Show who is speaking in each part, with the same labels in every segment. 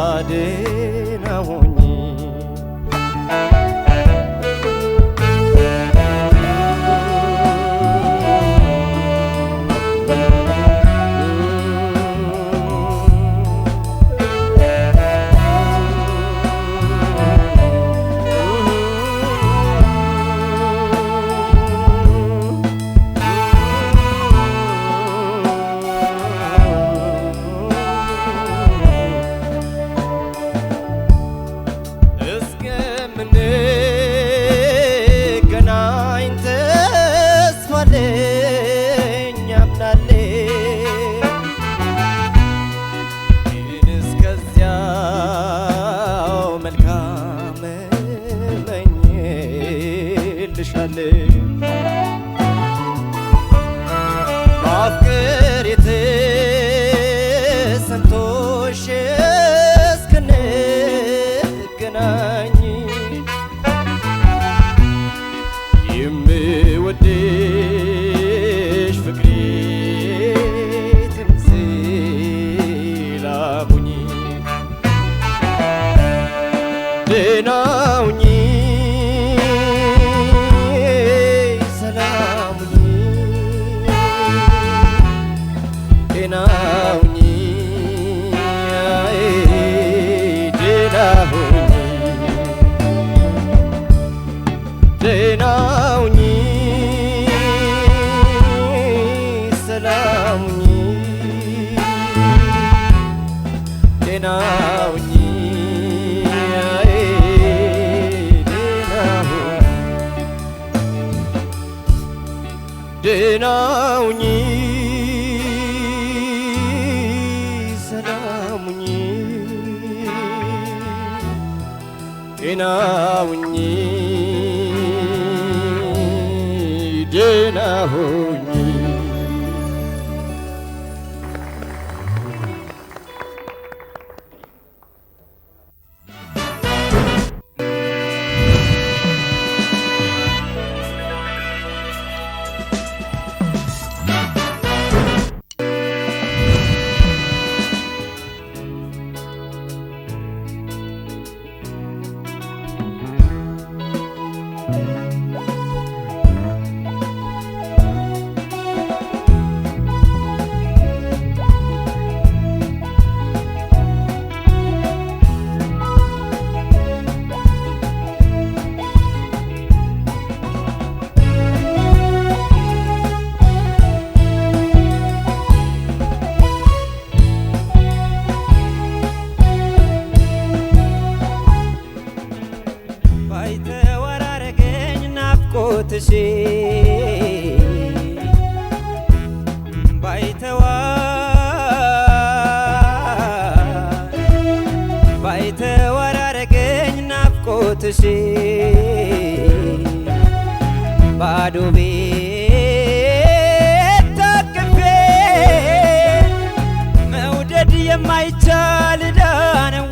Speaker 1: አድነው ትሻለሽ বিনা ዋይ ተወራረገኝ ናፍቆትሽ ባዶ ቤት ታቅፌ መውደድ የማይቻል ዳነው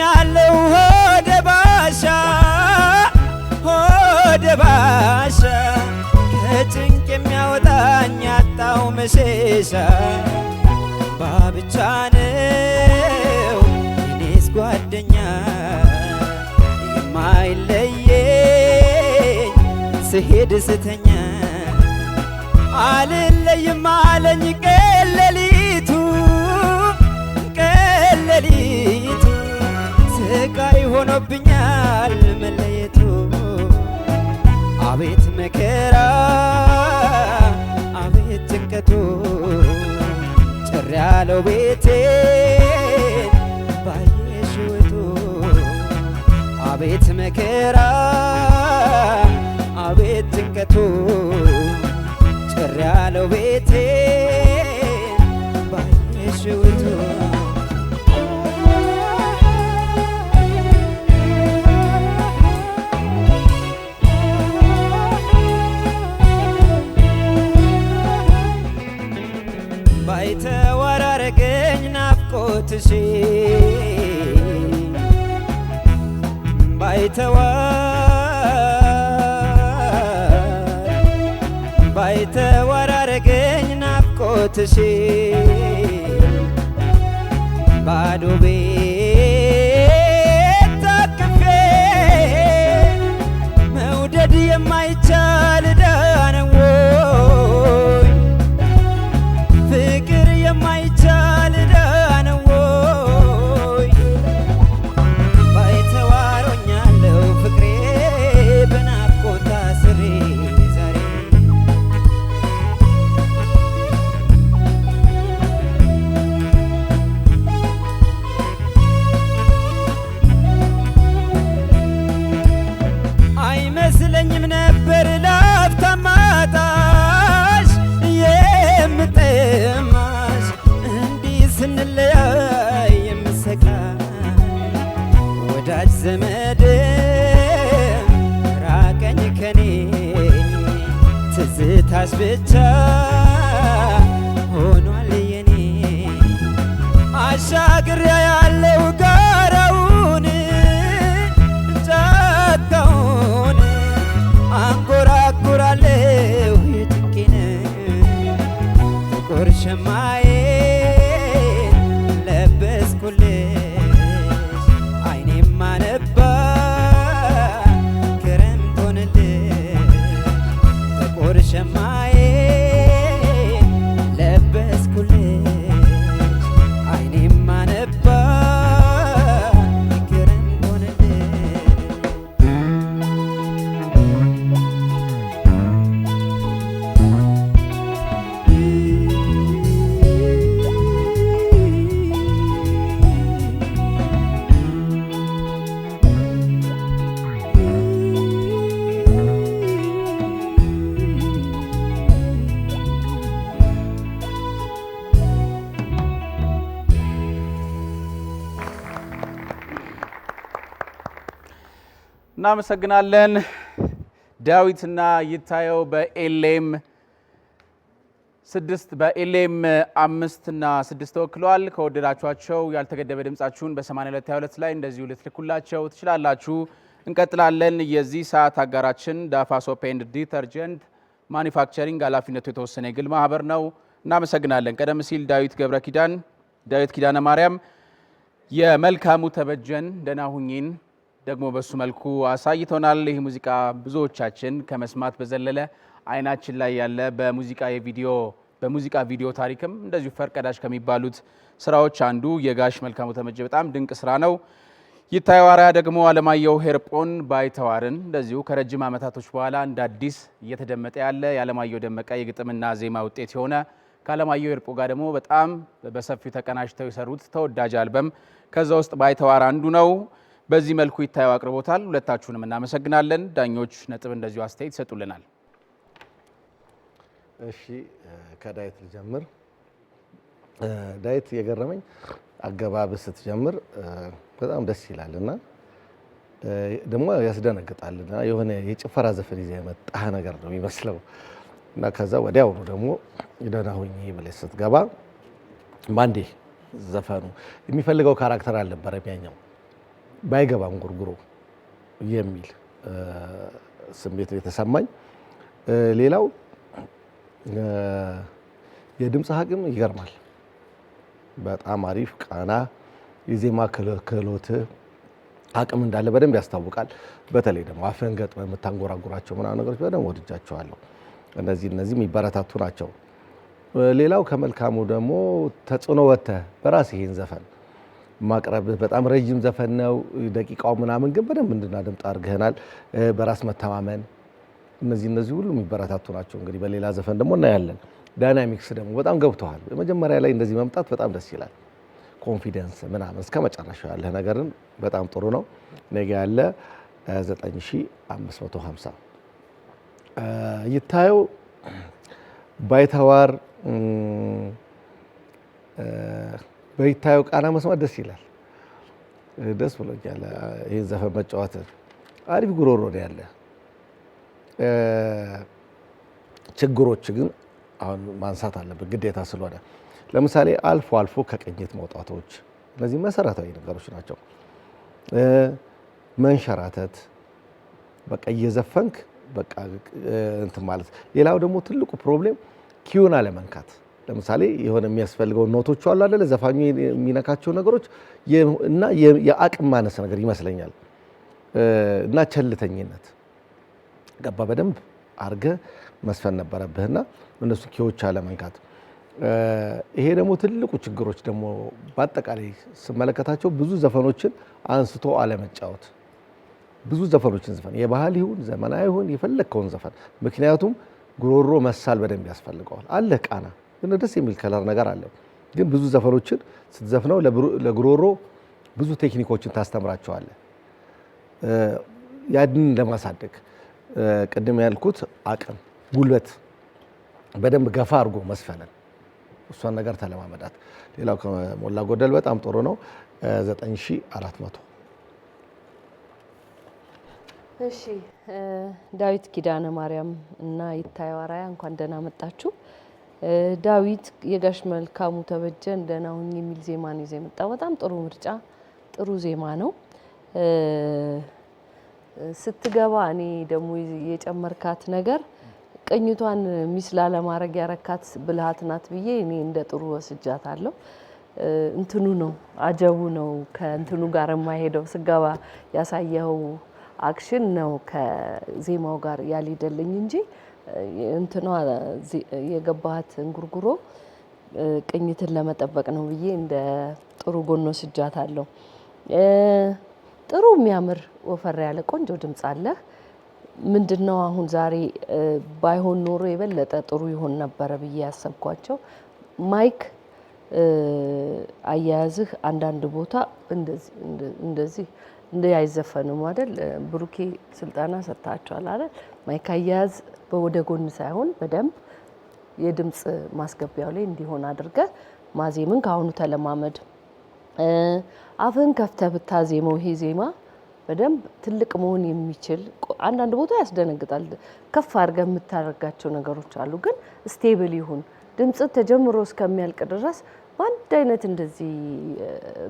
Speaker 1: ሆኛለሁ ሆደ ባሻ ሆደ ባሻ ከጭንቅ የሚያወጣኝ ያጣው መሸሻ አባ ብቻ ነው ጓደኛ የማይለየኝ ስሄድ ስተኛ አልለይም አለኝ ሆኖብኛል መለየቱ አቤት መከራ አቤት ጭንቀቱ ጭር ያለው ቤቴ ባየሽ አቤት መከራ አቤት ጭንቀቱ ጭር ያለው ቤቴ city.
Speaker 2: እናመሰግናለን። ዳዊትና ይታየው በኤሌም ስድስት በኤሌም አምስት ስድስት ተወክለዋል። ከወደዳችኋቸው ያልተገደበ ድምጻችሁን በ8222 ላይ እንደዚሁ ልትልኩላቸው ትችላላችሁ። እንቀጥላለን። የዚህ ሰዓት አጋራችን ዳፋ ሶፕ ኤንድ ዲተርጀንት ማኒፋክቸሪንግ ኃላፊነቱ የተወሰነ የግል ማህበር ነው። እናመሰግናለን። ቀደም ሲል ዳዊት ገብረ ኪዳን ዳዊት ኪዳነ ማርያም የመልካሙ ተበጀን ደህና ሁኚን ደግሞ በሱ መልኩ አሳይቶናል። ይህ ሙዚቃ ብዙዎቻችን ከመስማት በዘለለ አይናችን ላይ ያለ በሙዚቃ የቪዲዮ በሙዚቃ ቪዲዮ ታሪክም እንደዚሁ ፈርቀዳሽ ከሚባሉት ስራዎች አንዱ የጋሽ መልካሙ ተመጀ በጣም ድንቅ ስራ ነው። ይታየዋራ ደግሞ አለማየሁ ሄርጶን ባይተዋርን እንደዚሁ ከረጅም ዓመታቶች በኋላ እንደ አዲስ እየተደመጠ ያለ የአለማየሁ ደመቀ የግጥምና ዜማ ውጤት የሆነ ከአለማየሁ ሄርጶ ጋር ደግሞ በጣም በሰፊው ተቀናጅተው የሰሩት ተወዳጅ አልበም ከዛ ውስጥ ባይተዋር አንዱ ነው። በዚህ መልኩ ይታየው አቅርቦታል። ሁለታችሁንም እናመሰግናለን። ዳኞች ነጥብ እንደዚሁ አስተያየት ይሰጡልናል።
Speaker 3: እሺ ከዳዊት ልጀምር። ዳዊት የገረመኝ አገባብ ስትጀምር በጣም ደስ ይላል እና ደግሞ ያስደነግጣል እና የሆነ የጭፈራ ዘፈን ይዘህ የመጣህ ነገር ነው የሚመስለው እና ከዛ ወዲያውኑ ደግሞ ደህና ሁኚ ብለሽ ስትገባ ባንዴ ዘፈኑ የሚፈልገው ካራክተር አልነበረም ያኛው ባይገባም ጉርጉሮ የሚል ስሜት የተሰማኝ። ሌላው የድምፅ ሀቅም ይገርማል። በጣም አሪፍ ቃና፣ የዜማ ክህሎት አቅም እንዳለ በደንብ ያስታውቃል። በተለይ ደግሞ አፈንገጥ የምታንጎራጉራቸው ምናምን ነገሮች በደንብ ወድጃቸዋለሁ። እነዚህ እነዚህ የሚበረታቱ ናቸው። ሌላው ከመልካሙ ደግሞ ተጽዕኖ ወጥተህ በራስ ይሄን ዘፈን ማቅረብ በጣም ረዥም ዘፈን ነው። ደቂቃው ምናምን ግን በደንብ እንድናደምጥ አድርገናል። በራስ መተማመን እነዚህ እነዚህ ሁሉ የሚበረታቱ ናቸው። እንግዲህ በሌላ ዘፈን ደግሞ እናያለን። ዳይናሚክስ ደግሞ በጣም ገብተዋል። መጀመሪያ ላይ እንደዚህ መምጣት በጣም ደስ ይላል። ኮንፊደንስ ምናምን እስከ መጨረሻው ያለ ነገርን በጣም ጥሩ ነው። ነገ ያለ 9550 ይታየው ባይተዋር በይታየው ቃና መስማት ደስ ይላል። ደስ ብሎኛል። ይህን ዘፈን መጫወት አሪፍ ጉሮሮ ነው ያለ። ችግሮች ግን አሁን ማንሳት አለብን ግዴታ ስለሆነ፣ ለምሳሌ አልፎ አልፎ ከቅኝት መውጣቶች፣ እነዚህ መሰረታዊ ነገሮች ናቸው። መንሸራተት በቃ እየዘፈንክ በቃ እንትን ማለት። ሌላው ደግሞ ትልቁ ፕሮብሌም ኪዩን አለመንካት ለምሳሌ የሆነ የሚያስፈልገው ኖቶቹ አሉ አይደለ? ዘፋኙ የሚነካቸው ነገሮች እና የአቅም ማነስ ነገር ይመስለኛል እና ቸልተኝነት ገባ በደንብ አርገ መስፈን ነበረብህና እነሱ ኪዎች አለመንካት። ይሄ ደግሞ ትልቁ ችግሮች ደግሞ በአጠቃላይ ስመለከታቸው ብዙ ዘፈኖችን አንስቶ አለመጫወት። ብዙ ዘፈኖችን ዘፈን የባህል ይሁን ዘመናዊ ይሁን የፈለግከውን ዘፈን ምክንያቱም ጉሮሮ መሳል በደንብ ያስፈልገዋል። አለህ ቃና ግን ደስ የሚል ከለር ነገር አለው። ግን ብዙ ዘፈኖችን ስትዘፍነው ለጉሮሮ ብዙ ቴክኒኮችን ታስተምራቸዋለ ያድን ለማሳደግ ቅድም ያልኩት አቅም፣ ጉልበት በደንብ ገፋ አድርጎ መስፈንን እሷን ነገር ተለማመዳት። ሌላው ከሞላ ጎደል በጣም ጥሩ ነው። 9400
Speaker 4: እሺ። ዳዊት ኪዳነ ማርያም እና ይታየው አራያ እንኳን ደህና መጣችሁ። ዳዊት የጋሽ መልካሙ ተበጀ እንደና ሁኝ የሚል ዜማ ነው ይዘ የመጣ በጣም ጥሩ ምርጫ፣ ጥሩ ዜማ ነው። ስትገባ እኔ ደግሞ የጨመርካት ነገር ቅኝቷን ሚስ ላለማድረግ ያረካት ብልሃት ናት ብዬ እኔ እንደ ጥሩ ወስጃታለሁ። እንትኑ ነው አጀቡ ነው ከእንትኑ ጋር የማይሄደው ስገባ ያሳየኸው አክሽን ነው ከዜማው ጋር ያልሄደልኝ እንጂ እንትኗ የገባት እንጉርጉሮ ቅኝትን ለመጠበቅ ነው ብዬ እንደ ጥሩ ጎኖ ስጃት አለው። ጥሩ የሚያምር ወፈር ያለ ቆንጆ ድምፅ አለህ። ምንድን ነው አሁን ዛሬ ባይሆን ኖሮ የበለጠ ጥሩ ይሆን ነበረ ብዬ ያሰብኳቸው ማይክ አያያዝህ አንዳንድ ቦታ እንደዚህ እንደ አይዘፈንም አይደል? ብሩኬ ስልጠና ሰጥታችኋል አይደል? ማይክ አያያዝ ወደ ጎን ሳይሆን በደንብ የድምፅ ማስገቢያው ላይ እንዲሆን አድርገህ ማዜምን ከአሁኑ ተለማመድ። አፍህን ከፍተህ ብታዜመው ይሄ ዜማ በደንብ ትልቅ መሆን የሚችል አንዳንድ ቦታ ያስደነግጣል። ከፍ አድርገህ የምታደርጋቸው ነገሮች አሉ፣ ግን ስቴብል ይሁን ድምፅ ተጀምሮ እስከሚያልቅ ድረስ በአንድ አይነት እንደዚህ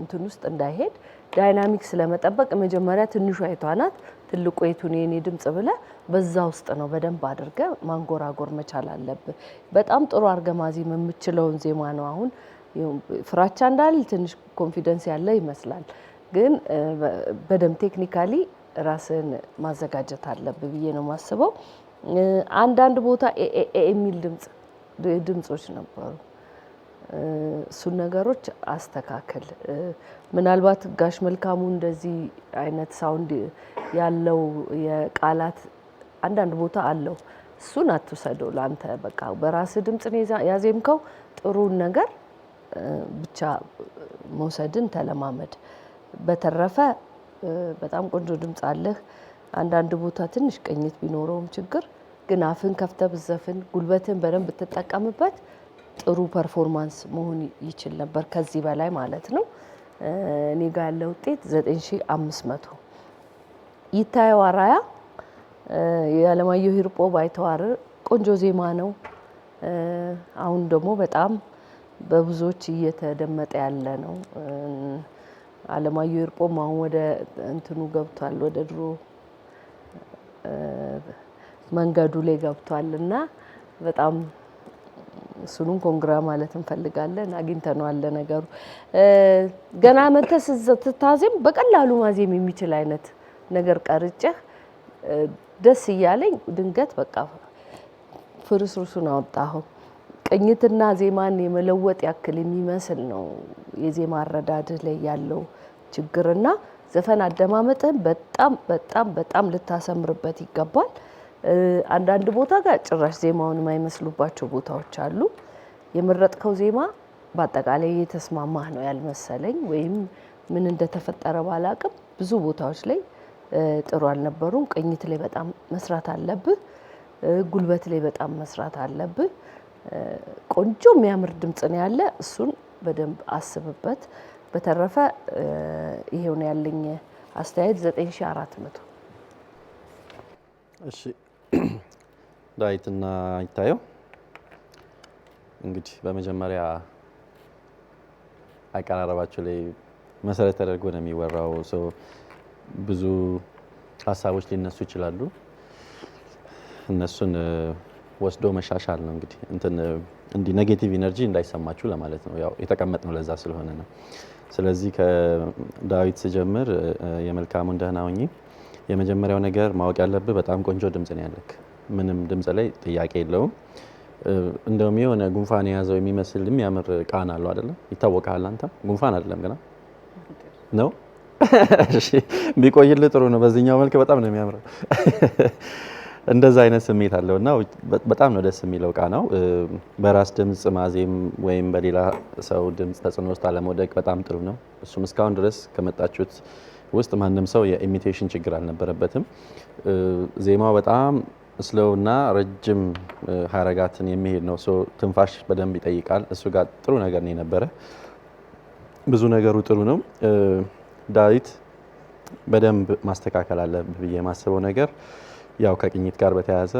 Speaker 4: እንትን ውስጥ እንዳይሄድ ዳይናሚክስ ለመጠበቅ መጀመሪያ ትንሿ አይቷ ናት ትልቁ የቱን የኔ ድምጽ ብለ በዛ ውስጥ ነው በደንብ አድርገ ማንጎራጎር መቻል አለብ በጣም ጥሩ አድርገህ ማዜም የምችለውን ዜማ ነው። አሁን ፍራቻ እንዳል ትንሽ ኮንፊደንስ ያለ ይመስላል፣ ግን በደንብ ቴክኒካሊ ራስን ማዘጋጀት አለብ ብዬ ነው የማስበው። አንዳንድ ቦታ ኤ የሚል ድምጾች ነበሩ እሱን ነገሮች አስተካከል። ምናልባት ጋሽ መልካሙ እንደዚህ አይነት ሳውንድ ያለው የቃላት አንዳንድ ቦታ አለው። እሱን አትውሰደው ለአንተ በቃ በራስ ድምፅ ያዜምከው ጥሩን ነገር ብቻ መውሰድን ተለማመድ። በተረፈ በጣም ቆንጆ ድምፅ አለህ። አንዳንድ ቦታ ትንሽ ቅኝት ቢኖረውም ችግር ግን አፍን ከፍተ ብዘፍን ጉልበትን በደንብ ብትጠቀምበት ጥሩ ፐርፎርማንስ መሆን ይችል ነበር ከዚህ በላይ ማለት ነው። እኔ ጋ ያለው ውጤት 9500 ይታየው አራያ የአለማየሁ ሂርጶ ባይተዋር ቆንጆ ዜማ ነው። አሁን ደግሞ በጣም በብዙዎች እየተደመጠ ያለ ነው። አለማየሁ ሂርጶም አሁን ወደ እንትኑ ገብቷል፣ ወደ ድሮ መንገዱ ላይ ገብቷል እና በጣም እሱንም ኮንግራ ማለት እንፈልጋለን። አግኝተነዋል። ለነገሩ ገና መተስ ስታዜም በቀላሉ ማዜም የሚችል አይነት ነገር ቀርጬህ ደስ እያለኝ ድንገት በቃ ፍርስርሱን አወጣሁ ቅኝትና ዜማን የመለወጥ ያክል የሚመስል ነው የዜማ አረዳድ ላይ ያለው ችግርና ዘፈን አደማመጥህን በጣም በጣም በጣም ልታሰምርበት ይገባል። አንዳንድ ቦታ ጋር ጭራሽ ዜማውን የማይመስሉባቸው ቦታዎች አሉ። የመረጥከው ዜማ በአጠቃላይ የተስማማህ ነው ያልመሰለኝ ወይም ምን እንደተፈጠረ ባላቅም ብዙ ቦታዎች ላይ ጥሩ አልነበሩም። ቅኝት ላይ በጣም መስራት አለብህ። ጉልበት ላይ በጣም መስራት አለብህ። ቆንጆ የሚያምር ድምፅ ነው ያለ። እሱን በደንብ አስብበት። በተረፈ ይሄው ነው ያለኝ አስተያየት 9400
Speaker 5: እሺ። ዳዊትና ይታየው እንግዲህ በመጀመሪያ አቀራረባቸው ላይ መሰረት ተደርጎ ነው የሚወራው። ሰው ብዙ ሀሳቦች ሊነሱ ይችላሉ። እነሱን ወስዶ መሻሻል ነው እንግዲህ እንትን እንዲህ ኔጌቲቭ ኢነርጂ እንዳይሰማችሁ ለማለት ነው። ያው የተቀመጥ ነው ለዛ ስለሆነ ነው። ስለዚህ ከዳዊት ስጀምር የመልካሙን ደህና ሁኚ። የመጀመሪያው ነገር ማወቅ ያለብህ በጣም ቆንጆ ድምፅ ነው ያለክ ምንም ድምፅ ላይ ጥያቄ የለውም። እንደውም የሆነ ጉንፋን የያዘው የሚመስል የሚያምር ቃና አለው አይደለም? ይታወቃል። አንተ ጉንፋን አይደለም ግና ነው ቢቆይል ጥሩ ነው። በዚህኛው መልክ በጣም ነው የሚያምረው። እንደዛ አይነት ስሜት አለው እና በጣም ነው ደስ የሚለው ቃናው። በራስ ድምፅ ማዜም ወይም በሌላ ሰው ድምፅ ተጽዕኖ ውስጥ አለመውደቅ በጣም ጥሩ ነው። እሱም እስካሁን ድረስ ከመጣችሁት ውስጥ ማንም ሰው የኢሚቴሽን ችግር አልነበረበትም። ዜማው በጣም እና ረጅም ሀረጋትን የሚሄድ ነው። ትንፋሽ በደንብ ይጠይቃል። እሱ ጋር ጥሩ ነገር ነው የነበረ። ብዙ ነገሩ ጥሩ ነው። ዳዊት በደንብ ማስተካከል አለብህ ብዬ የማስበው ነገር ያው ከቅኝት ጋር በተያያዘ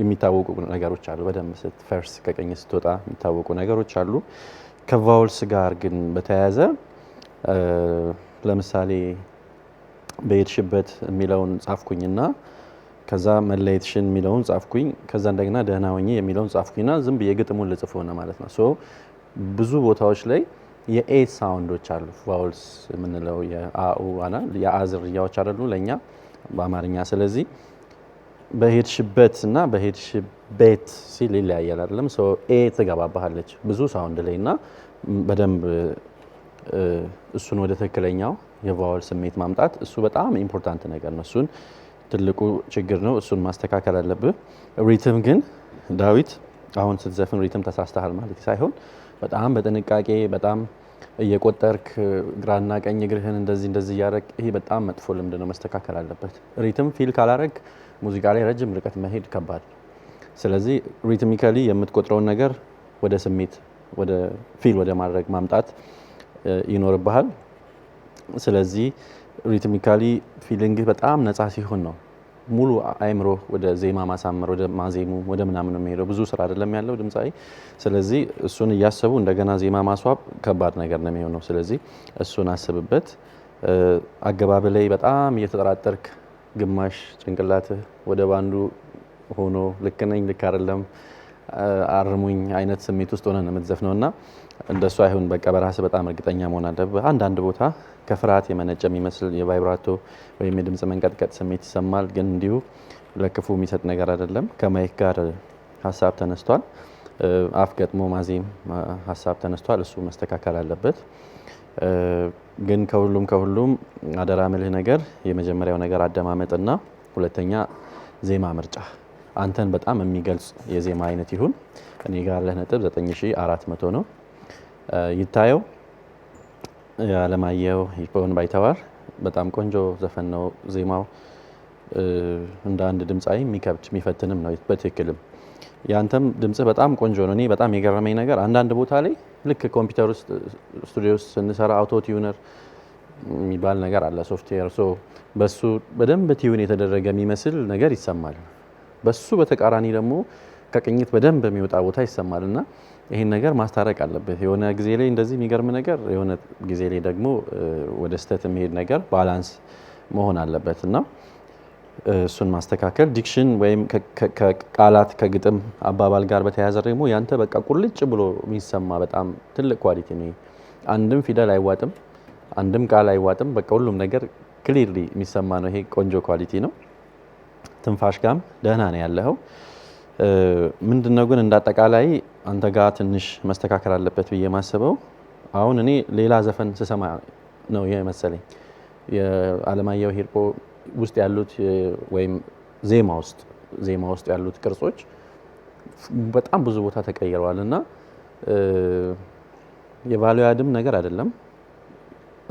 Speaker 5: የሚታወቁ ነገሮች አሉ። በደንብ ፈርስ ከቅኝት ስትወጣ የሚታወቁ ነገሮች አሉ። ከቫውልስ ጋር ግን በተያያዘ ለምሳሌ በየትሽበት የሚለውን ጻፍኩኝና ከዛ መለየትሽን የሚለውን ጻፍኩኝ። ከዛ እንደገና ደህና ሆኜ የሚለውን ጻፍኩኝና ዝም ብዬ ግጥሙን ልጽፍ ሆነ ማለት ነው። ሶ ብዙ ቦታዎች ላይ የኤ ሳውንዶች አሉ። ቫውልስ የምንለው የአኡ ና የአዝርያዎች ዝርያዎች አይደሉ ለእኛ በአማርኛ። ስለዚህ በሄድሽበት እና ቤት ሲል ይለያያል አይደለም። ሶ ኤ ትገባባሃለች ብዙ ሳውንድ ላይ እና በደንብ እሱን ወደ ትክክለኛው የቫወል ስሜት ማምጣት እሱ በጣም ኢምፖርታንት ነገር ነው። እሱን ትልቁ ችግር ነው። እሱን ማስተካከል አለብህ። ሪትም ግን ዳዊት አሁን ስትዘፍን ሪትም ተሳስተሃል ማለት ሳይሆን በጣም በጥንቃቄ በጣም እየቆጠርክ ግራና ቀኝ እግርህን እንደዚህ እንደዚህ እያደረግ ይሄ በጣም መጥፎ ልምድ ነው፣ መስተካከል አለበት። ሪትም ፊል ካላረግ ሙዚቃ ላይ ረጅም ርቀት መሄድ ከባድ ስለዚህ ሪትሚካሊ የምትቆጥረውን ነገር ወደ ስሜት ወደ ፊል ወደ ማድረግ ማምጣት ይኖርብሃል። ስለዚህ ሪትሚካሊ ፊሊንግህ በጣም ነፃ ሲሆን ነው ሙሉ አይምሮ ወደ ዜማ ማሳመር ወደ ማዜሙ ወደ ምናምን የሚሄደው። ብዙ ስራ አይደለም ያለው ድምፃዊ። ስለዚህ እሱን እያሰቡ እንደገና ዜማ ማስዋብ ከባድ ነገር ነው የሚሆነው። ስለዚህ እሱን አስብበት። አገባብ ላይ በጣም እየተጠራጠርክ፣ ግማሽ ጭንቅላትህ ወደ ባንዱ ሆኖ ልክ ነኝ ልክ አይደለም አርሙኝ አይነት ስሜት ውስጥ የምትዘፍ ነው እና እንደሱ አይሁን በቃ በራስ በጣም እርግጠኛ መሆን አለብህ። አንዳንድ ቦታ ከፍርሃት የመነጨ የሚመስል የቫይብራቶ ወይም የድምፅ መንቀጥቀጥ ስሜት ይሰማል፣ ግን እንዲሁ ለክፉ የሚሰጥ ነገር አይደለም። ከማይክ ጋር ሀሳብ ተነስቷል። አፍ ገጥሞ ማዜም ሀሳብ ተነስቷል። እሱ መስተካከል አለበት። ግን ከሁሉም ከሁሉም አደራ ምልህ ነገር የመጀመሪያው ነገር አደማመጥና ሁለተኛ ዜማ ምርጫ አንተን በጣም የሚገልጽ የዜማ አይነት ይሁን። እኔ ጋር ያለህ ነጥብ 9400 ነው። ይታየው አለማየሁ ይሆን ባይተዋር በጣም ቆንጆ ዘፈን ነው። ዜማው እንደ አንድ ድምፃዊ የሚከብድ የሚፈትንም ነው። በትክክልም ያንተም ድምጽህ በጣም ቆንጆ ነው። እኔ በጣም የገረመኝ ነገር አንዳንድ ቦታ ላይ ልክ ኮምፒውተር ውስጥ ስቱዲዮ ውስጥ ስንሰራ አውቶ ቲዩነር የሚባል ነገር አለ ሶፍትዌር። በሱ በደንብ ቲዩን የተደረገ የሚመስል ነገር ይሰማል። በሱ በተቃራኒ ደግሞ ከቅኝት በደንብ በሚወጣ ቦታ ይሰማል እና ይህን ነገር ማስታረቅ አለበት። የሆነ ጊዜ ላይ እንደዚህ የሚገርም ነገር፣ የሆነ ጊዜ ላይ ደግሞ ወደ ስህተት የሚሄድ ነገር ባላንስ መሆን አለበት እና እሱን ማስተካከል ዲክሽን ወይም ከቃላት ከግጥም አባባል ጋር በተያያዘ ደግሞ ያንተ በቃ ቁልጭ ብሎ የሚሰማ በጣም ትልቅ ኳሊቲ ነው። አንድም ፊደል አይዋጥም፣ አንድም ቃል አይዋጥም። በቃ ሁሉም ነገር ክሊርሊ የሚሰማ ነው። ይሄ ቆንጆ ኳሊቲ ነው። ትንፋሽ ጋም ደህና ነው ያለው። ምንድነው ግን እንዳጠቃላይ አንተ ጋር ትንሽ መስተካከል አለበት ብዬ ማስበው አሁን እኔ ሌላ ዘፈን ስሰማ ነው ይሄ መሰለኝ የአለማየሁ ሂርጶ ውስጥ ያሉት ወይም ዜማ ውስጥ ዜማ ውስጥ ያሉት ቅርጾች በጣም ብዙ ቦታ ተቀይረዋል እና የቫሉያድም ነገር አይደለም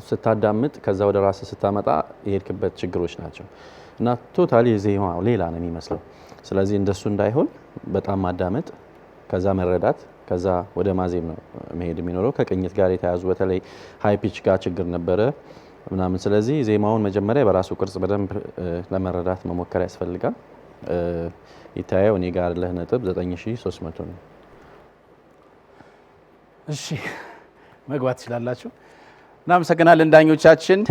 Speaker 5: ስታዳምጥ ከዛ ወደ ራስ ስታመጣ የሄድክበት ችግሮች ናቸው። እና ቶታሊ ዜማው ሌላ ነው የሚመስለው። ስለዚህ እንደሱ እንዳይሆን በጣም ማዳመጥ፣ ከዛ መረዳት፣ ከዛ ወደ ማዜም ነው መሄድ የሚኖረው። ከቅኝት ጋር የተያዙ በተለይ ሀይ ፒች ጋር ችግር ነበረ ምናምን። ስለዚህ ዜማውን መጀመሪያ በራሱ ቅርጽ በደንብ ለመረዳት መሞከር ያስፈልጋል። ይታየው እኔ ጋር ለህ ነጥብ 9300 ነው።
Speaker 2: እሺ መግባት ትችላላችሁ። እናመሰግናለን ዳኞቻችን።